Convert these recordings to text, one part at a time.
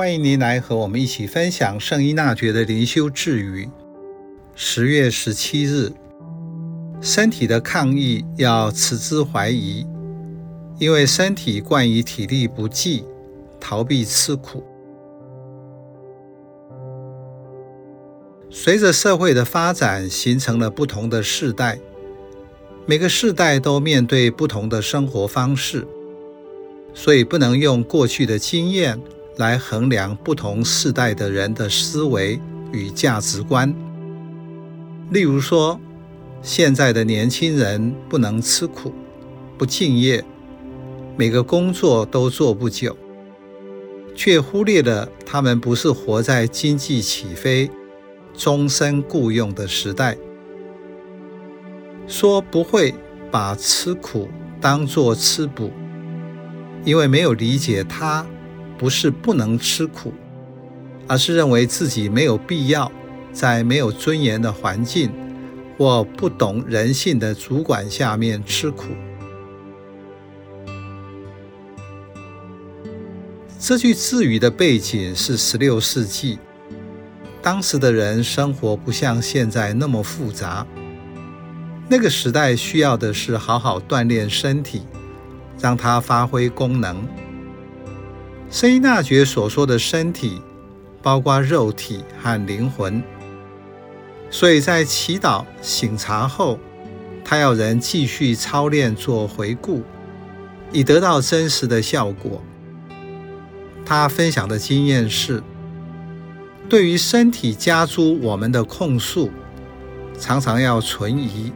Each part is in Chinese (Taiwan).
歡迎您來和我們一起分享聖依納爵的靈修智語。十月十七日，身體的抗議，要持之懷疑，因為身體慣以體力不濟，逃避吃苦。隨着社會的發展，形成了不同的世代，每個世代都面對不同的生活方式，所以不能用過去的經驗，來衡量不同世代的人的思維與價值觀。例如說，現在的年輕人不能吃苦、不敬業，每個工作都做不久，卻忽略了他們不是活在經濟起飛、終身雇傭的時代。說不會把吃苦當作吃補，因為沒有理解他。不是不能吃苦，而是認為自己沒有必要在沒有尊嚴的環境或不懂人性的主管下面吃苦。這句智語的背景是十六世紀，當時的人生活不像現在那麼複雜，那個時代需要的是好好鍛鍊身體，讓它發揮功能。聖依納爵所說的身體包括肉體和靈魂，所以在祈禱省察後，他要人繼續操練做回顧，以得到真實的效果。他分享的經驗是，對於身體加諸我們的控訴，常常要存疑，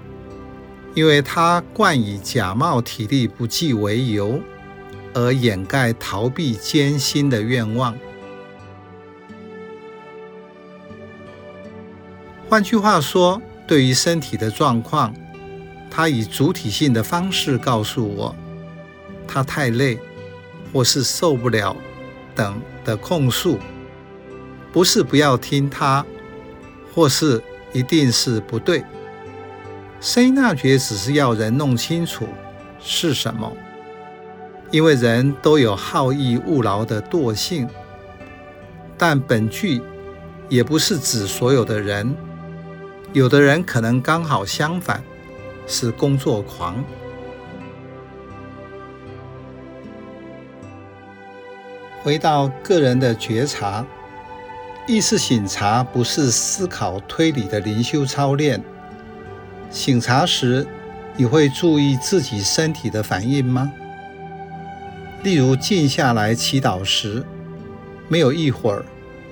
因為他慣以假冒體力不濟為由。而掩蓋逃避艱辛的願望。換句話說，對於身體的狀況，他以主體性的方式告訴我：“他太累，或是受不了等的控訴，不是不要聽他，或是一定是不對。聖依納爵只是要人弄清楚是什麼。”因為人都有好逸惡勞的惰性，但本句也不是指所有的人，有的人可能剛好相反，是工作狂。回到個人的覺察，意識省察不是思考推理的靈修操練。省察時，你會注意自己身體的反應嗎？例如靜下來祈禱時，沒有一會兒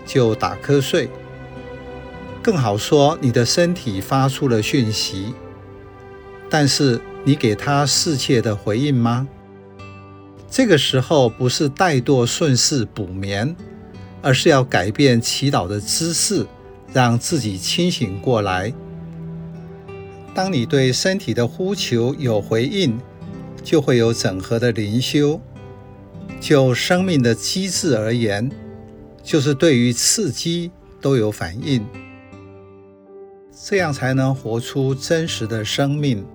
就打瞌睡，更好說你的身體發出了訊息，但是你給他適切的回應嗎？這個時候不是怠惰順勢補眠，而是要改變祈禱的姿勢，讓自己清醒過來。當你對身體的呼求有回應，就會有整合的靈修。就生命的機制而言，就是對於刺激都有反應，這樣才能活出真實的生命。